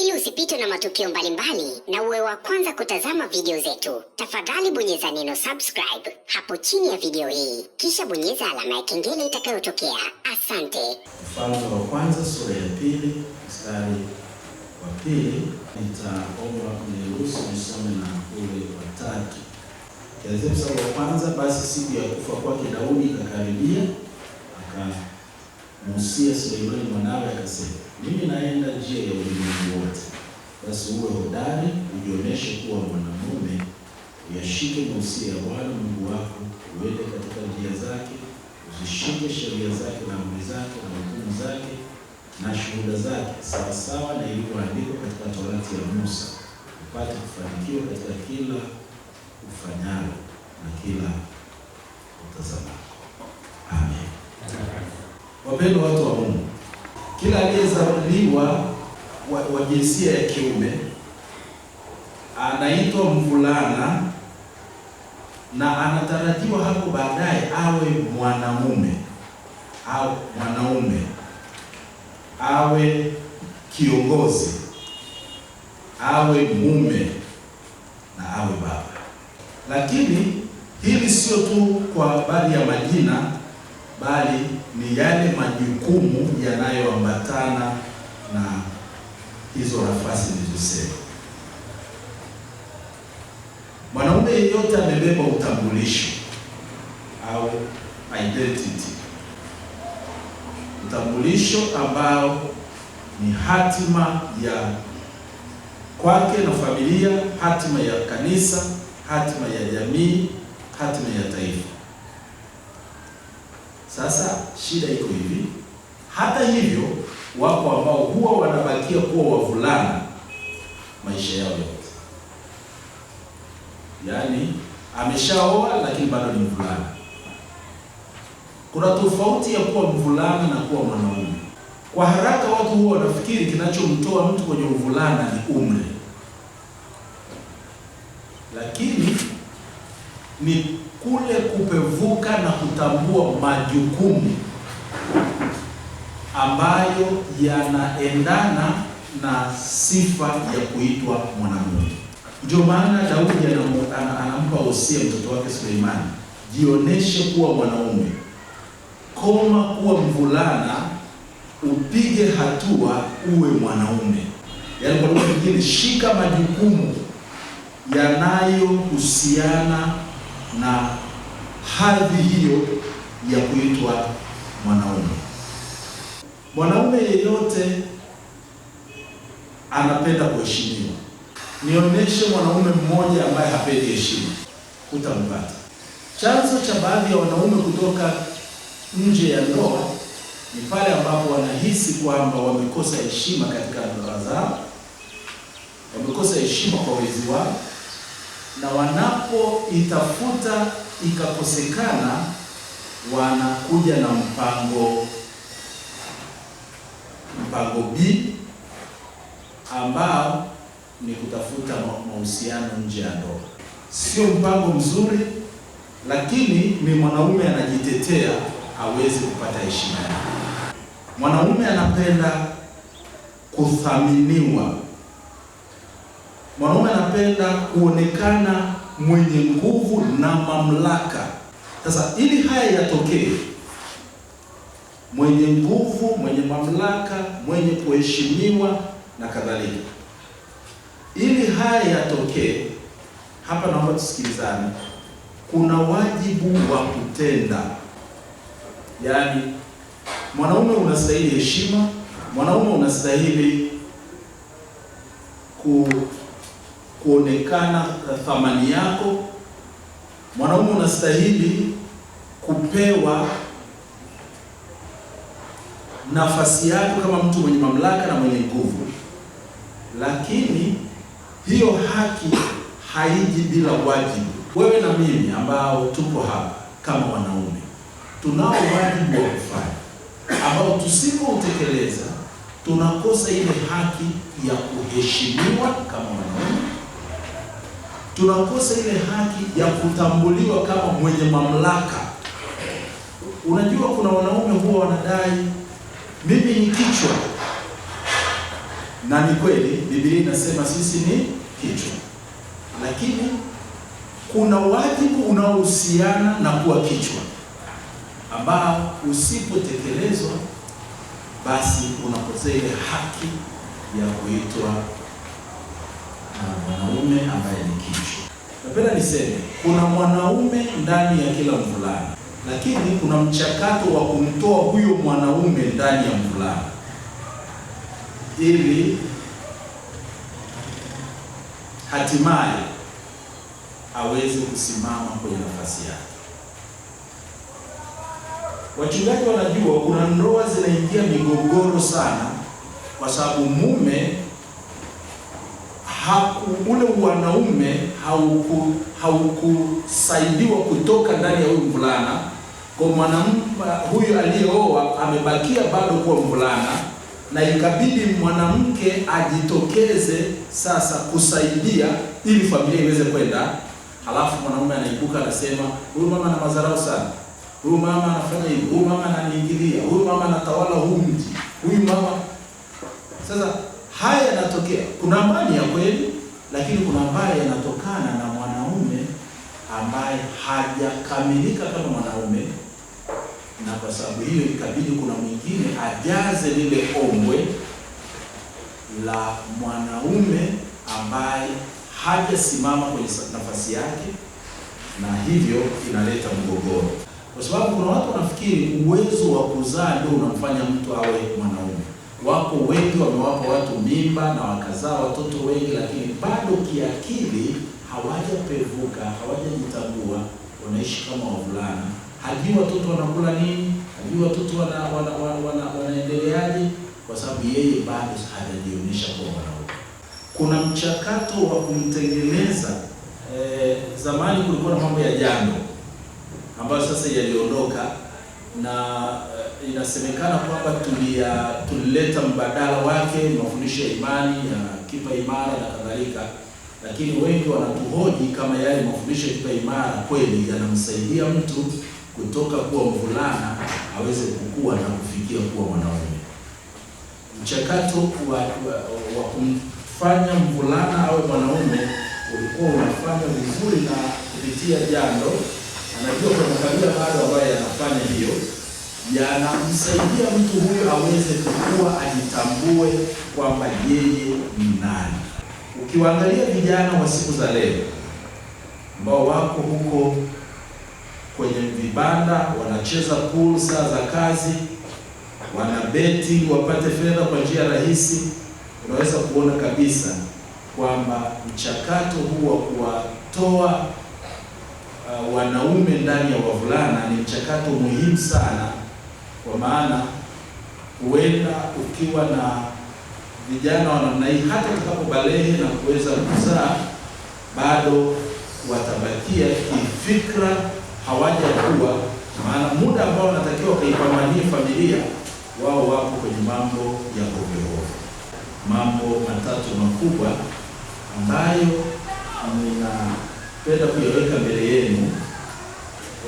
Ili usipitwe na matukio mbalimbali na uwe wa kwanza kutazama video zetu, tafadhali bonyeza neno subscribe hapo chini ya video hii, kisha bonyeza alama ya kengele itakayotokea. Asante. Ufalme wa Kwanza sura ya pili mstari wa pili. Nitaomba mniruhusu nisome na ule wa tatu. Kianzia mstari wa kwanza: basi siku ya kufa kwake Daudi ikakaribia, akamusia Suleimani mwanawe akasema mimi naenda njia ya ulimwengu wote. Basi uwe hodari, ujionyeshe kuwa mwanamume, uyashike mausia ya Bwana Mungu wako, uende katika njia zake, uzishike sheria zake na amri zake na hukumu zake na shuhuda zake, sawasawa na ilivyoandikwa katika Torati ya Musa, upate kufanikiwa katika kila ufanyalo na kila utazamako. Amen. Wapendwa watu wa Mungu, kila aliyezaliwa wa, wa jinsia ya kiume anaitwa mvulana na anatarajiwa hapo baadaye awe mwanamume au mwanaume, awe kiongozi, awe mume na awe baba. Lakini hili sio tu kwa habari ya majina bali ni yale majukumu yanayoambatana na hizo nafasi nilizosema. Mwanaume yeyote amebeba utambulisho au identity, utambulisho ambao ni hatima ya kwake na familia, hatima ya kanisa, hatima ya jamii, hatima ya taifa. Sasa shida iko hivi. Hata hivyo, wako ambao huwa wanabakia kuwa wavulana maisha yao yote, yaani ameshaoa lakini bado ni mvulana. Kuna tofauti ya kuwa mvulana na kuwa mwanaume. Kwa haraka watu huwa wanafikiri kinachomtoa mtu kwenye uvulana ni umri, lakini ni kule kupevuka na kutambua majukumu ambayo yanaendana na sifa ya kuitwa mwanamume. Ndio maana Daudi anampa usia mtoto wake Suleimani, jioneshe kuwa mwanaume, koma kuwa mvulana, upige hatua, uwe mwanaume. Yaani kwa lugha nyingine, shika majukumu yanayohusiana na hadhi hiyo ya kuitwa mwanaume. Mwanaume yeyote anapenda kuheshimiwa. Nionyeshe mwanaume mmoja ambaye hapendi heshima, utampata. Chanzo cha baadhi ya wanaume kutoka nje ya ndoa ni pale ambapo wanahisi kwamba wamekosa heshima katika ndoa zao, wamekosa heshima kwa wezi wao na wanapoitafuta ikakosekana, wanakuja na mpango mpango B ambao ni kutafuta mahusiano nje ya ndoa. Sio mpango mzuri, lakini ni mwanaume anajitetea, hawezi kupata heshima yake. Mwanaume anapenda kuthaminiwa. Mwanaume anapenda kuonekana mwenye nguvu na mamlaka. Sasa ili haya yatokee, mwenye nguvu, mwenye mamlaka, mwenye kuheshimiwa na kadhalika, ili haya yatokee, hapa naomba tusikilizane, kuna wajibu wa kutenda. Yaani mwanaume unastahili heshima, mwanaume unastahili ku kuonekana thamani yako. Mwanaume unastahili kupewa nafasi yako kama mtu mwenye mamlaka na mwenye nguvu, lakini hiyo haki haiji bila wajibu. Wewe na mimi ambao tuko hapa kama wanaume tunao wajibu wa kufanya, ambao tusipoutekeleza tunakosa ile haki ya kuheshimiwa kama wanaume tunakosa ile haki ya kutambuliwa kama mwenye mamlaka. Unajua, kuna wanaume huwa wanadai mimi ni kichwa, na ni kweli Biblia inasema sisi ni kichwa, lakini kuna wajibu unaohusiana na kuwa kichwa ambao usipotekelezwa basi unapoteza ile haki ya kuitwa mwanaume ambaye ni kichwa. Napenda niseme kuna mwanaume ndani ya kila mvulana, lakini kuna mchakato wa kumtoa huyo mwanaume ndani ya mvulana ili hatimaye aweze kusimama kwenye nafasi yake. Wachungaji wanajua kuna ndoa zinaingia migogoro sana, kwa sababu mume haku ule wanaume haukusaidiwa hauku kutoka ndani ya huyu mvulana, kwa mwanamke huyu aliyeoa amebakia bado kuwa mvulana, na ikabidi mwanamke ajitokeze sasa kusaidia ili familia iweze kwenda. Halafu mwanamume anaibuka anasema, huyu mama ana madharau sana, huyu mama anafanya hivi, huyu mama ananiingilia, huyu mama anatawala huu mji, huyu mama. Sasa haya yanatokea, kuna amani ya kweli? lakini kuna ambayo yanatokana na mwanaume ambaye hajakamilika kama mwanaume, na kwa sababu hiyo ikabidi kuna mwingine ajaze lile ombwe la mwanaume ambaye hajasimama kwenye nafasi yake, na hivyo inaleta mgogoro, kwa sababu kuna watu wanafikiri uwezo wa kuzaa ndio unamfanya mtu awe mwanaume. Wako wengi wamewapa watu mimba na wakazaa watoto wengi, lakini bado kiakili hawajapevuka, hawajajitambua, wanaishi kama wavulana. Hajui watoto wanakula nini, hajui watoto wanaendeleaji wana, wana, wana, kwa sababu yeye bado hajajionyesha kwa wanaume. Kuna mchakato wa kumtengeneza eh, zamani kulikuwa na mambo ya jando ambayo sasa yaliondoka na eh, inasemekana kwamba tulileta mbadala wake mafundisho ya imani ya kipa imara na kadhalika, lakini wengi wanatuhoji kama yale mafundisho ya kipa imara kweli yanamsaidia mtu kutoka kuwa mvulana aweze kukua na kufikia kuwa mwanaume. Mchakato wa, wa, wa kumfanya mvulana awe mwanaume ulikuwa unafanya vizuri na kupitia jando, anajua kuna makabila bado ambayo yanafanya hiyo yanamsaidia mtu huyo aweze kukua, ajitambue kwamba yeye ni nani. Ukiwaangalia vijana wa siku za leo ambao wako huko kwenye vibanda wanacheza pool saa za kazi, wanabeti wapate fedha kwa njia rahisi, unaweza kuona kabisa kwamba mchakato huu wa kuwatoa uh, wanaume ndani ya wavulana ni mchakato muhimu sana kwa maana huenda ukiwa na vijana wa namna hii hata utakapobalehe na kuweza kuzaa bado watabakia kifikra hawajakuwa, maana muda ambao wanatakiwa kaipambanie familia wao wapo kwenye mambo ya hovyohovyo. Mambo matatu makubwa ambayo ninapenda kuyaweka mbele yenu.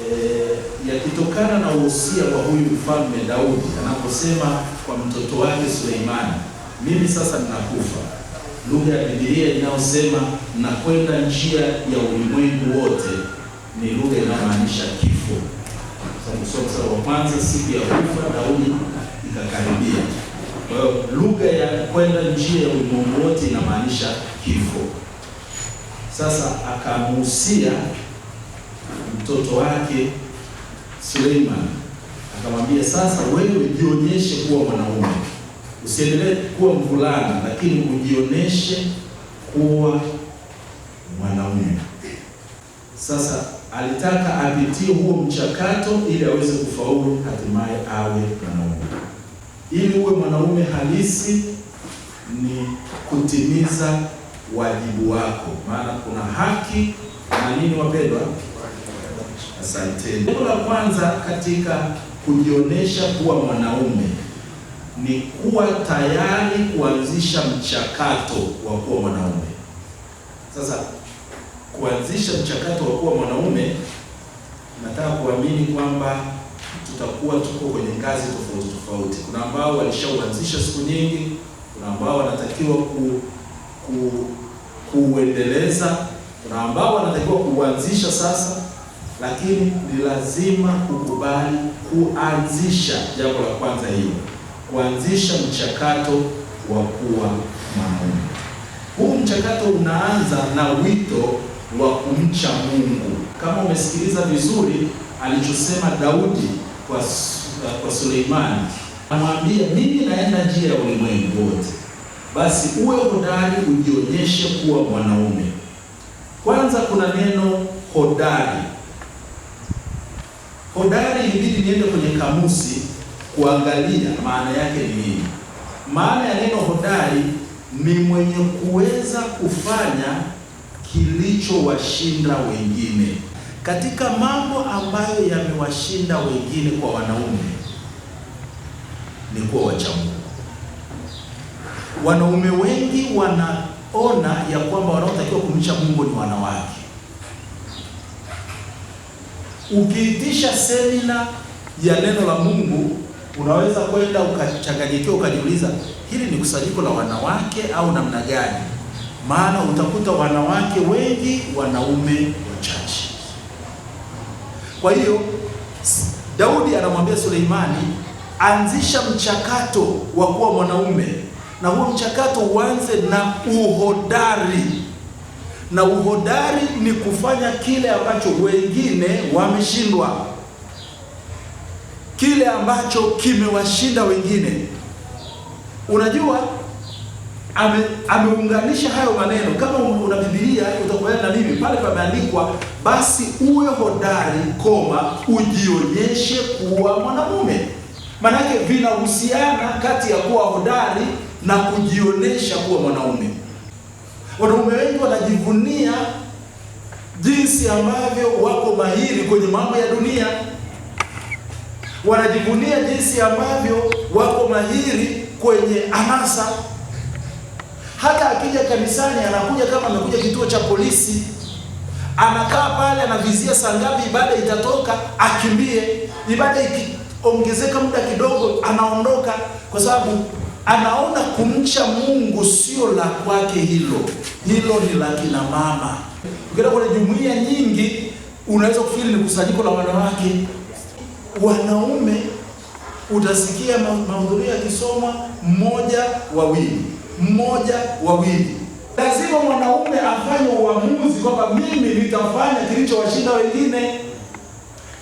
Eh, yakitokana na uhusia wa huyu mfalme Daudi anaposema kwa mtoto wake Suleimani, mimi sasa ninakufa, lugha ya Biblia inayosema nakwenda njia ya ulimwengu wote ni lugha inayomaanisha kifo. Mstari wa kwanza, siku ya kufa Daudi ikakaribia. Kwa hiyo lugha ya kwenda njia ya ulimwengu wote inamaanisha kifo. Sasa akamuhusia mtoto wake Suleiman akamwambia, sasa wewe jionyeshe kuwa mwanaume, usiendelee kuwa mvulana, lakini ujionyeshe kuwa mwanaume. Sasa alitaka apitie huo mchakato ili aweze kufaulu hatimaye awe mwanaume. Ili uwe mwanaume halisi ni kutimiza wajibu wako, maana kuna haki na nini, wapendwa Asanteni. Lengo la kwanza katika kujionyesha kuwa mwanaume ni kuwa tayari kuanzisha mchakato wa kuwa mwanaume. Sasa kuanzisha mchakato wa kuwa mwanaume, nataka kuamini kwamba tutakuwa tuko kwenye ngazi tofauti tofauti. Kuna ambao walishauanzisha siku nyingi, kuna ambao wanatakiwa ku, ku, kuuendeleza, kuna ambao wanatakiwa kuuanzisha sasa lakini ni lazima kukubali kuanzisha. Jambo la kwanza hiyo, kuanzisha mchakato wa kuwa mwanaume Huu mchakato unaanza na wito wa kumcha Mungu. Kama umesikiliza vizuri, alichosema Daudi kwa, kwa Suleimani, anamwambia mimi naenda njia ya ulimwengu wote, basi uwe hodari, ujionyeshe kuwa mwanaume. Kwanza kuna neno hodari Hodari ilibidi niende kwenye kamusi kuangalia maana yake ni nini. Maana ya neno hodari ni mwenye kuweza kufanya kilichowashinda wengine. Katika mambo ambayo yamewashinda wengine kwa wanaume ni kuwa Mungu. Wanaume wengi wanaona ya kwamba wanaotakiwa kumcha Mungu ni wanawake Ukiitisha semina ya neno la Mungu unaweza kwenda ukachanganyikiwa, ukajiuliza hili ni kusanyiko la wanawake au namna gani? Maana utakuta wanawake wengi, wanaume wachache. Kwa hiyo Daudi anamwambia Suleimani, anzisha mchakato wa kuwa mwanaume, na huo mchakato uanze na uhodari na uhodari ni kufanya kile ambacho wengine wameshindwa, kile ambacho kimewashinda wengine. Unajua, ame, ameunganisha hayo maneno. Kama una Biblia utakubaliana na mimi pale pameandikwa, basi uwe hodari koma, ujionyeshe kuwa mwanamume. Maanake vinahusiana kati ya kuwa hodari na kujionyesha kuwa mwanaume. Wanaume wengi wanajivunia jinsi ambavyo wako mahiri kwenye mambo ya dunia, wanajivunia jinsi ambavyo wako mahiri kwenye anasa. Hata akija kanisani, anakuja kama amekuja kituo cha polisi, anakaa pale, anavizia saa ngapi ibada itatoka, akimbie ibada. Ikiongezeka muda kidogo, anaondoka kwa sababu anaona kumcha Mungu sio la kwake, hilo hilo ni la kina mama. Ukienda kwenye jumuiya nyingi, unaweza kufikiri ni kusanyiko la wanawake. Wanaume utasikia mahudhurio yakisoma mmoja wawili, mmoja wawili. Lazima mwanaume afanye uamuzi kwamba mimi nitafanya kilichowashinda wengine.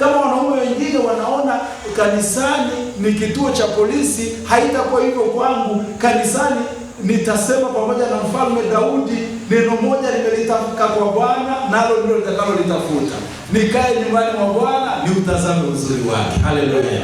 Kama wanaume wengine wanaona kanisani ni kituo cha polisi, haitakuwa hivyo kwangu. Kanisani nitasema pamoja na mfalme Daudi, neno moja nimelitamka kwa Bwana, nalo ndilo nitakalo litafuta, nikae nyumbani mwa Bwana, ni utazame uzuri wake. Haleluya!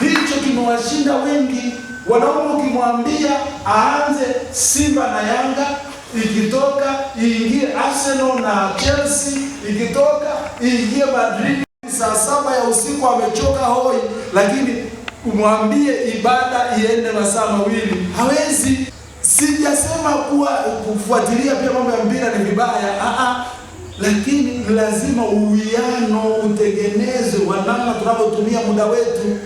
Hicho kimewashinda wengi. Wanaume ukimwambia aanze Simba na Yanga ikitoka iingie Arsenal na Chelsea, ikitoka iingie Madrid saa saba ya usiku amechoka hoi, lakini umwambie ibada iende masaa mawili hawezi. Sijasema kuwa kufuatilia pia mambo ya mpira ni vibaya, a, lakini lazima uwiano utengenezwe wa namna tunavyotumia muda wetu.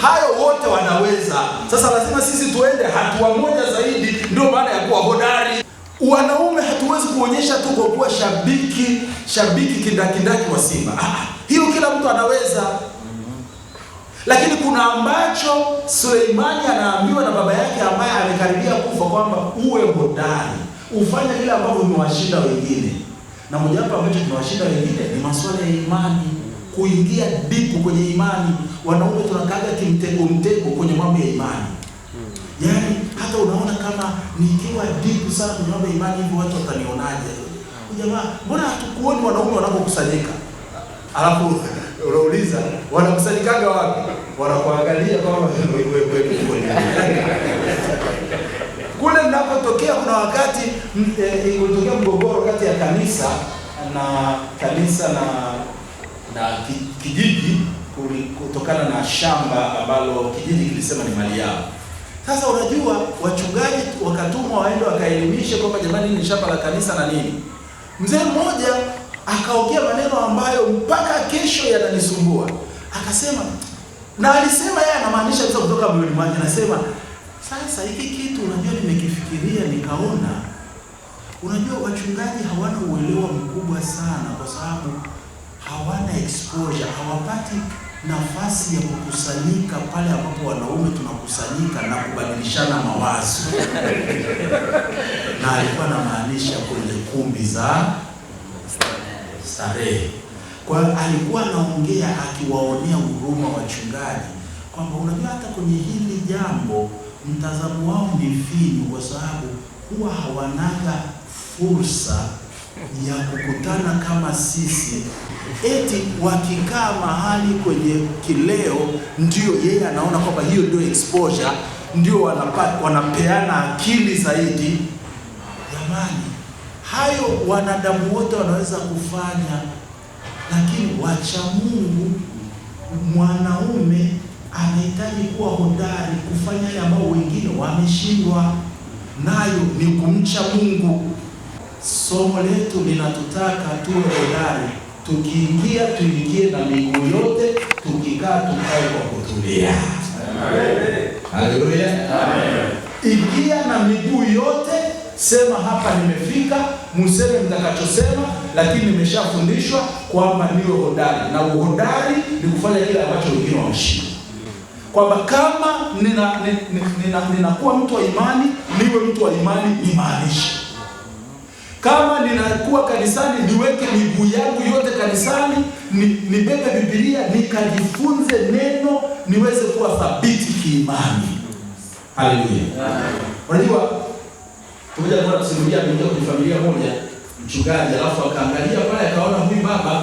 Hayo wote wanaweza. Sasa lazima sisi tuende hatua moja zaidi, ndio maana ya kuwa hodari. Wanaume hatuwezi kuonyesha tu kwa kuwa shabiki shabiki kindakindaki wa Simba. Ah, ah, hiyo kila mtu anaweza, lakini kuna ambacho Suleimani anaambiwa na baba yake ambaye amekaribia kufa kwamba uwe hodari, ufanye kile ambavyo umewashinda wengine, na mojawapo ambacho kimewashinda wengine ni masuala ya imani, kuingia dipu kwenye imani. Wanaume tunakaga kimtego mtego kwenye mambo ya imani Yaani hata unaona kama nikiwa deep sana kwenye imani hivi watu watanionaje? Jamaa, mbona hatukuoni wanaume wanapokusanyika? Alafu unauliza wanakusanyikaga wapi? Wanakuangalia kama wewe wewe kweli. Kule ninapotokea kuna wakati e, e, kulitokea mgogoro kati ya kanisa na kanisa na na kijiji kutokana na shamba ambalo kijiji kilisema ni mali yao. Sasa unajua wachungaji wakatumwa waende wakaelimishe kwamba jamani, hili ni shamba la kanisa na nini. Mzee mmoja akaongea maneno ambayo mpaka kesho yananisumbua, akasema, na alisema yeye anamaanisha kitu kutoka moyoni mwake, anasema sasa hiki kitu unajua, nimekifikiria nikaona, unajua wachungaji hawana uelewa mkubwa sana, kwa sababu hawana exposure, hawapati nafasi ya kukusanyika pale ambapo wanaume tunakusanyika na kubadilishana mawazo na alikuwa anamaanisha kwenye kumbi za starehe. Kwa hiyo alikuwa anaongea akiwaonea huruma wachungaji kwamba unajua, hata kwenye hili jambo mtazamo wao ni finyu, kwa sababu huwa hawanaga fursa ya kukutana kama sisi eti wakikaa mahali kwenye kileo, ndio yeye anaona kwamba hiyo ndio exposure, ndio wanapa, wanapeana akili zaidi. Jamani, hayo wanadamu wote wanaweza kufanya, lakini wacha Mungu mwanaume anahitaji kuwa hodari kufanya yale ambayo wengine wameshindwa nayo, ni kumcha Mungu. Somo letu linatutaka tuwe hodari tukiingia tuingie na miguu yote, tukikaa tukae kwa kutulia. Haleluya, ingia na miguu yote, sema hapa nimefika, museme mtakachosema, lakini nimeshafundishwa kwamba niwe hodari, na uhodari ni kufanya kile ambacho wengine wameshindwa kwamba kama nina ninakuwa mtu wa imani niwe mtu wa imani, imaanisha. Kama ninakuwa kanisani niweke miguu yangu nibebe Biblia nikajifunze neno niweze kuwa thabiti kiimani. Haleluya. Unajua kuja kwa kusimulia Biblia kwa familia moja, mchungaji alafu akaangalia pale akaona huyu baba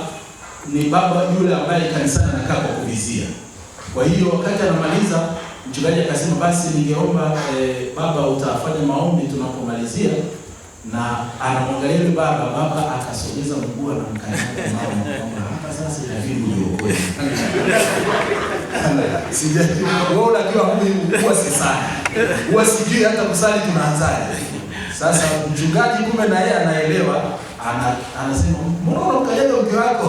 ni baba yule ambaye kanisani anakaa kwa kuvizia. Kwa hiyo wakati anamaliza mchungaji akasema, basi ningeomba eh, baba utafanya maombi tunapomalizia na anamwangalia yule baba, baba akasogeza mguu anamkanyaga mama kwamba hapa sasa ndio uokoe. Sijajua ah, wewe unajua mimi huwa si sana, huwa sijui hata kusali tunaanzaje. Sasa mchungaji kumbe na yeye anaelewa, ana, anasema mbona unamkanyaga mke wako?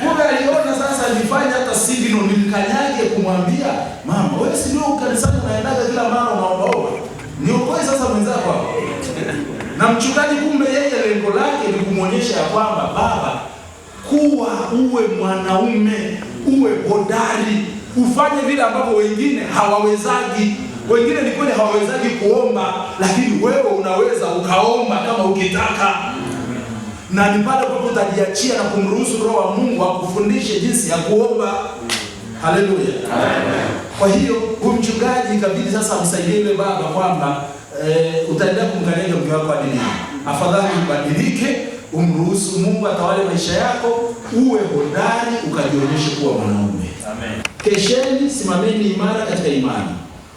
Kumbe aliona sasa alifanya hata sivyo, nilikanyage kumwambia mama, wewe si ndio kanisani unaendaga kila mara unaomba niokoe sasa mwenzako hapo. Na mchungaji kumbe, yeye lengo lake ni kumwonyesha ya kwamba baba, kuwa uwe mwanaume, uwe hodari, ufanye vile ambavyo wengine hawawezaji. Wengine ni kweli hawawezaji kuomba, lakini wewe unaweza ukaomba kama ukitaka, na ni pale utajiachia na kumruhusu Roho wa Mungu akufundishe jinsi ya kuomba. Haleluya. Kwa hiyo huyu mchungaji ikabidi sasa amsaidie yule baba kwamba e, utaendelea kumkanyanga mke wako adili. Afadhali ubadilike, umruhusu Mungu atawale maisha yako, uwe hodari, ukajionyeshe kuwa mwanaume. Amen. Kesheni, simameni imara katika imani,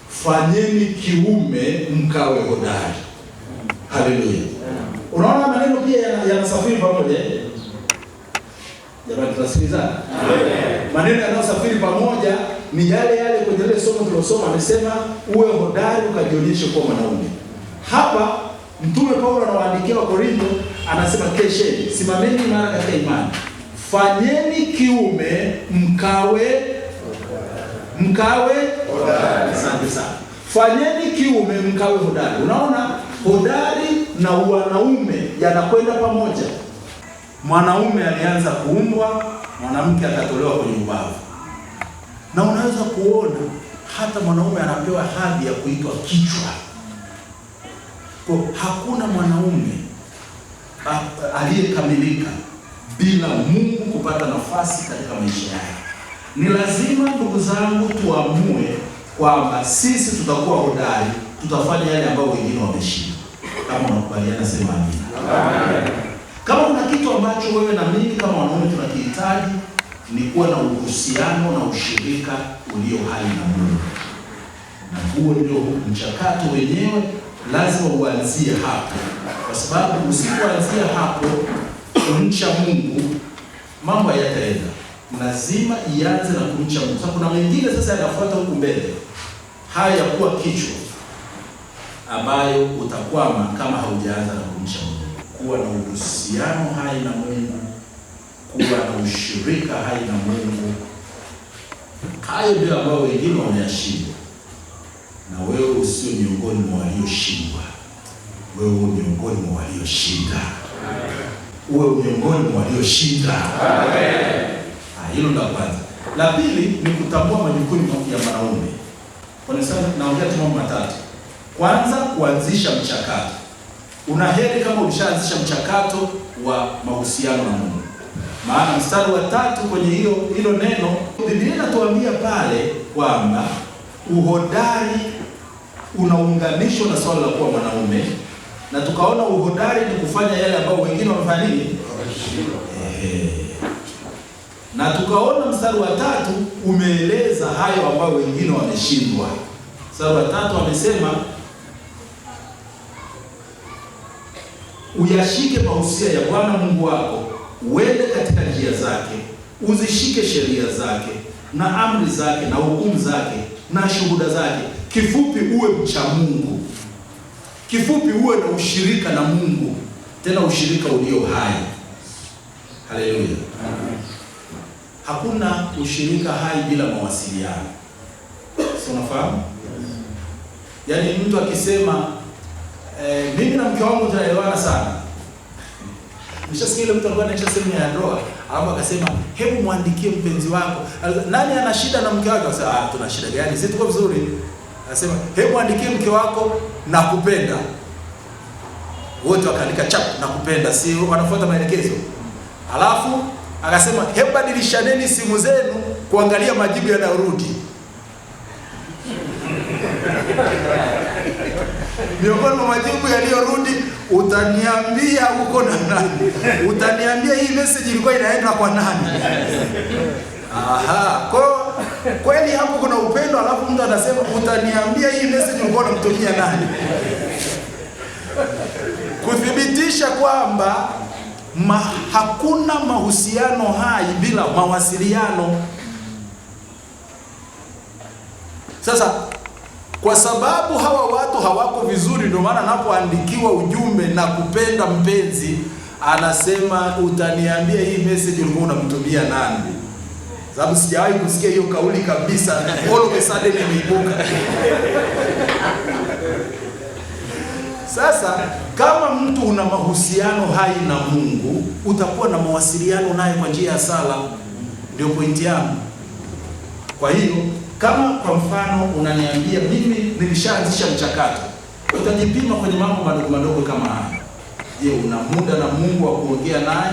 fanyeni kiume, mkawe hodari. Haleluya. Unaona maneno pia yanasafiri pamoja. Eh? Jamani, tunasikilizana? Maneno yanayosafiri pamoja ni yale yale kwenye ile somo tulosoma, amesema uwe hodari ukajionyeshe kwa mwanaume. Hapa Mtume Paulo anawaandikia wa anasema kesheni, simameni imara katika imani, fanyeni kiume mkawe mkawe hodari. Asante sana. Fanyeni kiume mkawe hodari. Unaona, hodari na wanaume yanakwenda pamoja mwanaume alianza kuumbwa, mwanamke akatolewa kwenye ubavu. Na unaweza kuona hata mwanaume anapewa hadhi ya kuitwa kichwa. Kwa hakuna mwanaume aliyekamilika bila Mungu kupata nafasi katika maisha yake. Ni lazima ndugu zangu tuamue kwamba sisi tutakuwa hodari, tutafanya yale ambayo wengine wameshindwa. Kama unakubaliana, sema amina. Kama kuna kitu ambacho wewe na mimi kama wanaume tunakihitaji ni kuwa na uhusiano na ushirika ulio hai na Mungu, na huo ndio mchakato wenyewe lazima uanzie hapo, kwa sababu usipoanzia hapo kumcha Mungu mambo hayataenda. Lazima ianze na kumcha Mungu. Sasa kuna mengine sasa yanafuata huku mbele, haya yakuwa kichwa ambayo utakwama kama haujaanza na kumcha Mungu kuwa na uhusiano hai na Mungu, kuwa na ushirika hai na Mungu. Hayo ndio ambayo wengine wameyashinda, na wewe usio miongoni mwa walioshindwa. Wewe uwe miongoni mwa walioshinda, uwe miongoni mwa walioshinda. Ah, hilo la kwanza. La pili ni kutambua majukumu ya mwanaume. Naongea tu mambo matatu. Kwanza, kuanzisha mchakato Una heri kama ulishaanzisha mchakato wa mahusiano na Mungu, maana mstari wa tatu kwenye hiyo hilo neno, Biblia inatuambia pale kwamba uhodari unaunganishwa na swala la kuwa mwanaume, na tukaona uhodari ni kufanya yale ambayo wengine wamefanya nini, na tukaona mstari wa tatu umeeleza hayo ambayo wengine wameshindwa. Mstari wa tatu amesema Uyashike mausia ya Bwana Mungu wako, uende katika njia zake, uzishike sheria zake na amri zake na hukumu zake na shuhuda zake. Kifupi uwe mcha Mungu, kifupi uwe na ushirika na Mungu, tena ushirika ulio hai. Haleluya! Hakuna ushirika hai bila mawasiliano, si unafahamu? Yaani mtu akisema eh, mimi na mke wangu tunaelewana sana. Nishasikia ile mtu alikuwa anaisha simu ya ndoa, alafu akasema hebu mwandikie mpenzi wako. Nani ana shida na mke wake? Akasema ah, tuna shida gani? Sisi tuko vizuri. Akasema hebu mwandikie mke wako nakupenda. Wote wakaandika chap nakupenda, si wanafuata maelekezo. Alafu akasema hebu badilishaneni simu zenu kuangalia majibu yanayorudi miongoni mwa majibu yaliyorudi, utaniambia uko na nani, utaniambia hii message ilikuwa inaenda kwa nani? Aha, kwa kweli hapo kuna upendo, alafu mtu anasema utaniambia hii message ulikuwa unamtumia nani? Kuthibitisha kwamba ma, hakuna mahusiano hai bila mawasiliano. Sasa kwa sababu hawa watu hawako vizuri, ndio maana anapoandikiwa ujumbe na kupenda mpenzi, anasema utaniambia hii message ulikuwa unamtumia nani? Sababu sijawahi kusikia hiyo kauli kabisa, all of a sudden imeibuka. Sasa kama mtu una mahusiano hai na Mungu, utakuwa na mawasiliano naye kwa njia ya sala. Ndio pointi yangu. Kwa hiyo kama kwa mfano unaniambia mimi nilishaanzisha mchakato, utajipima kwenye mambo madogo madogo kama haya. Je, una muda na Mungu wa kuongea naye?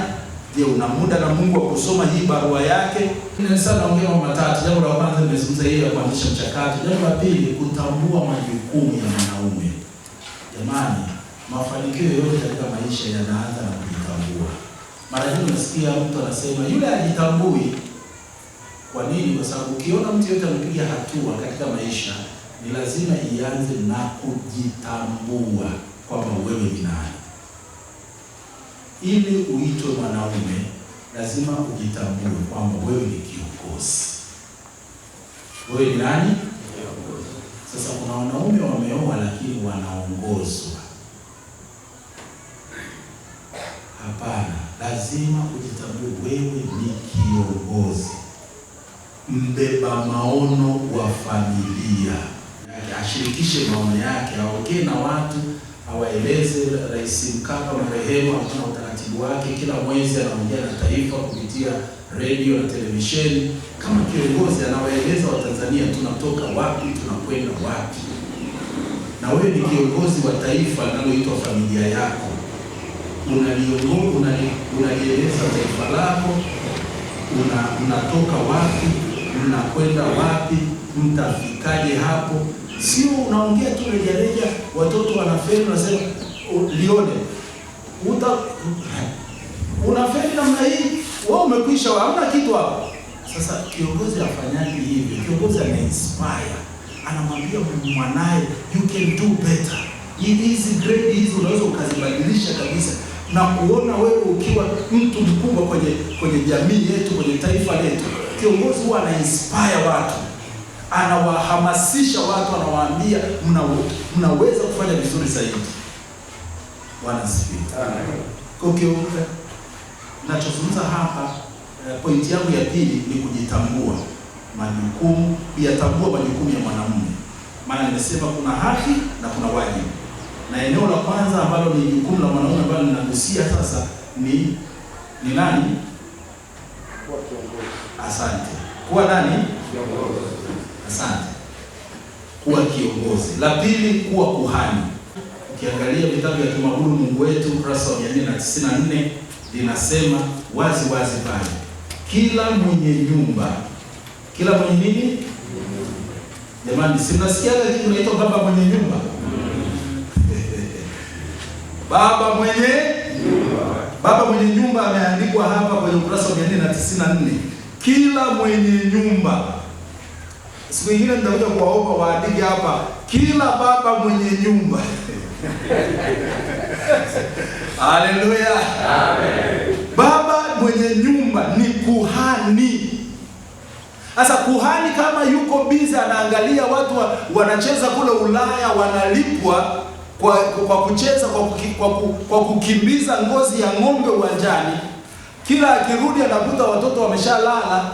Je, una muda na Mungu wa kusoma hii barua yake? Sasa naongea mambo matatu. Jambo la kwanza nimezungumza hiyo ya kuanzisha mchakato. Jambo la pili, kutambua majukumu ya mwanaume. Jamani, mafanikio yote katika maisha yanaanza na kujitambua. Mara nyingi unasikia mtu anasema yule ajitambui kwa nini? Kwa sababu ukiona mtu yote amepiga hatua katika maisha, ni lazima ianze na kujitambua kwamba wewe ni nani. Ili uitwe mwanaume, lazima ujitambue kwamba wewe ni kiongozi. Wewe ni nani? Sasa kuna wanaume wameoa lakini wanaongozwa. Hapana, lazima ujitambue wewe ni kiongozi mbeba maono wa familia ashirikishe maono yake, aongee na watu, awaeleze. Rais Mkapa marehemu alikuwa na utaratibu wake, kila mwezi anaongea na taifa kupitia redio na televisheni. Kama kiongozi, anawaeleza Watanzania tunatoka wapi, tunakwenda wapi, na wewe ni kiongozi wa taifa linaloitwa familia yako, unalieleza taifa lako, unatoka wapi mnakwenda wapi, mtafikaje hapo. Sio unaongea tu rejareja, watoto wanafeli, unasema lione uta unafeli namna hii, wewe umekwisha, hamna kitu hapo. Sasa kiongozi afanyaje hivi? Kiongozi ana inspire, anamwambia mwanaye, you can do better, hizi grade hizi unaweza ukazibadilisha kabisa na kuona wewe ukiwa mtu mkubwa kwenye kwenye jamii yetu, kwenye taifa letu kiongozi huwa anainspire watu, anawahamasisha watu, anawaambia mna, mnaweza kufanya vizuri zaidi. Bwana asifiwe. nachozungumza hapa, eh, pointi yangu ya pili ni kujitambua majukumu, kuyatambua majukumu ya mwanamume, maana nimesema kuna haki na kuna wajibu, na eneo la kwanza ambalo ni jukumu la mwanamume ambalo ninagusia sasa ni ni nani? Kuwa kiongozi. Asante. Kuwa nani? Kiongozi. Asante. Kuwa kiongozi. La pili, kuwa kuhani. Ukiangalia vitabu vya Kimaguru Mungu Wetu ukurasa wa 494 linasema wazi wazi pale, kila mwenye nyumba, kila mwenye nini? Jamani, si mnasikia leo unaitwa baba mwenye nyumba? Baba mwenye nyumba, baba mwenye nyumba ameandikwa hapa kwenye ukurasa wa 494 kila mwenye nyumba. Siku nyingine nitakuja kuwaomba waandike hapa, kila baba mwenye nyumba Haleluya, amen. Baba mwenye nyumba ni kuhani. Sasa kuhani kama yuko bize anaangalia watu wa, wanacheza kule Ulaya wanalipwa kwa, kwa kucheza kwa, kwa, kwa, kwa kukimbiza ngozi ya ng'ombe uwanjani kila akirudi anakuta watoto wameshalala.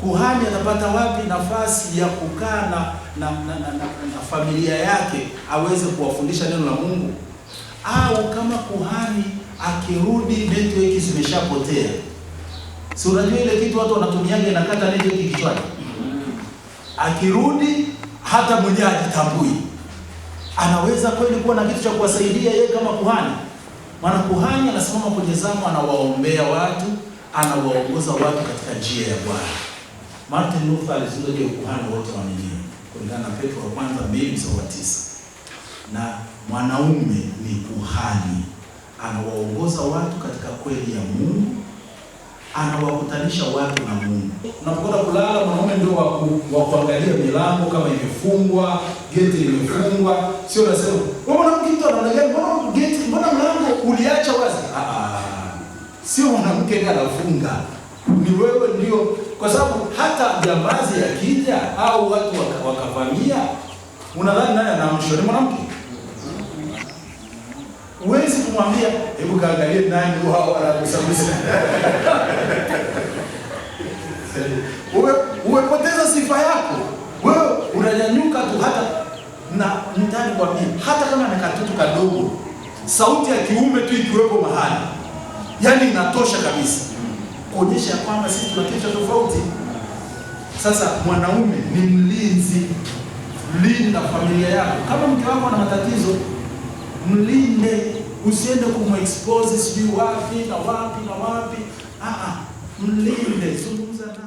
Kuhani anapata wapi nafasi ya kukaa na na, na, na, na familia yake aweze kuwafundisha neno la Mungu? Au kama kuhani akirudi network zimeshapotea, si unajua ile kitu watu wanatumiaje, inakata network kichwani. Akirudi hata mwenyewe ajitambui, anaweza kweli kuwa na kitu cha kuwasaidia yeye kama kuhani? Mwanakuhani anasimama kwenye zamu, anawaombea watu, anawaongoza watu katika njia ya Bwana. Martin Luther alizungumza juu ya ukuhani wote wa nini, kulingana na Petro wa kwanza mbili mstari wa tisa, na mwanaume ni kuhani, anawaongoza watu katika kweli ya Mungu, anawakutanisha watu na Mungu. Unapokwenda kulala, mwanaume ndio wa kuangalia milango kama imefungwa, geti limefungwa, sio unasema wewe mwanamke, mtu anaangalia uliacha wazi. Ah, ah. Sio mwanamke ndiye anafunga, ni wewe ndio, kwa sababu hata jambazi yakija au watu wakavamia, unadhani naye anamshoni mwanamke? Huwezi kumwambia hebu kaangalie nani wao wanakusabusi. Uwe umepoteza sifa yako. Wewe unanyanyuka tu hata na mtani kwambia hata kama ni katutu kadogo sauti ya kiume tu ikiwepo mahali, yaani inatosha kabisa kuonyesha ya kwamba sisi tuna kichwa tofauti. Sasa mwanaume ni mlinzi, linda familia yako. Kama mke wako ana matatizo, mlinde, usiende kumexpose sijui wapi na wapi na wapi. Ah, ah. mlinde, zungumza naye.